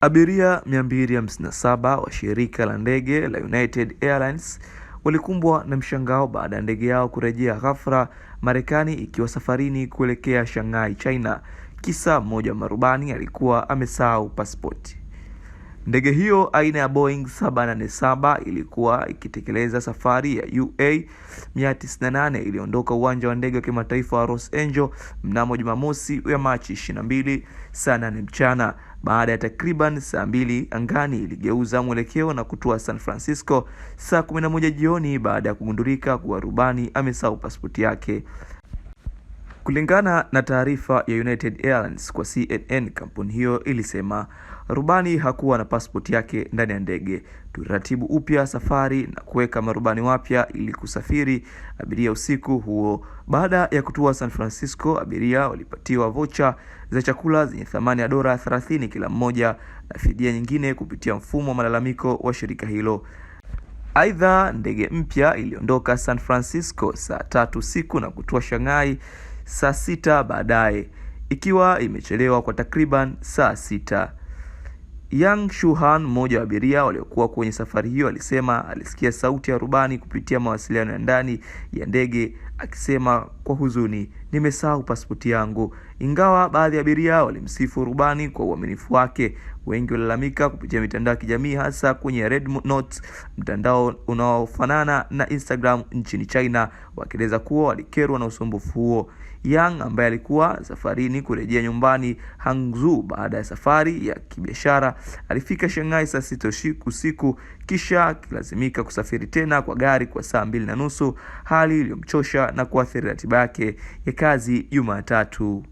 Abiria 257 wa shirika la ndege la United Airlines walikumbwa na mshangao baada ya ndege yao kurejea ghafla Marekani ikiwa safarini kuelekea Shanghai, China. Kisa mmoja marubani alikuwa amesahau pasipoti. Ndege hiyo aina ya Boeing 787 ilikuwa ikitekeleza safari ya UA 98 iliondoka uwanja wa ndege wa kimataifa wa Los Angeles mnamo Jumamosi ya Machi 22 saa 8 mchana. Baada ya takriban saa mbili angani, iligeuza mwelekeo na kutua San Francisco saa 11 jioni baada ya kugundulika kuwa rubani amesahau pasipoti yake. Kulingana na taarifa ya United Airlines kwa CNN, kampuni hiyo ilisema rubani hakuwa na pasipoti yake ndani ya ndege. Tuliratibu upya safari na kuweka marubani wapya ili kusafiri abiria usiku huo. Baada ya kutua San Francisco, abiria walipatiwa vocha za chakula zenye thamani ya dola 30 kila mmoja na fidia nyingine kupitia mfumo wa malalamiko wa shirika hilo. Aidha, ndege mpya iliondoka San Francisco saa tatu siku na kutua Shanghai saa sita baadaye ikiwa imechelewa kwa takriban saa sita. Yang Shuhan, mmoja wa abiria waliokuwa kwenye safari hiyo, alisema alisikia sauti ya rubani kupitia mawasiliano ya ndani ya ndege akisema kwa huzuni, nimesahau pasipoti yangu. Ingawa baadhi ya abiria walimsifu rubani kwa uaminifu wake, wengi walilalamika kupitia mitandao ya kijamii, hasa kwenye Red.note, mtandao unaofanana na Instagram nchini China, wakieleza kuwa walikerwa na usumbufu huo. Yang ambaye alikuwa safarini kurejea nyumbani Hangzhou baada ya safari ya kibiashara alifika Shanghai saa sita usiku, kisha akilazimika kusafiri tena kwa gari kwa saa mbili na nusu, hali iliyomchosha na kuathiri ratiba yake ya kazi Jumatatu.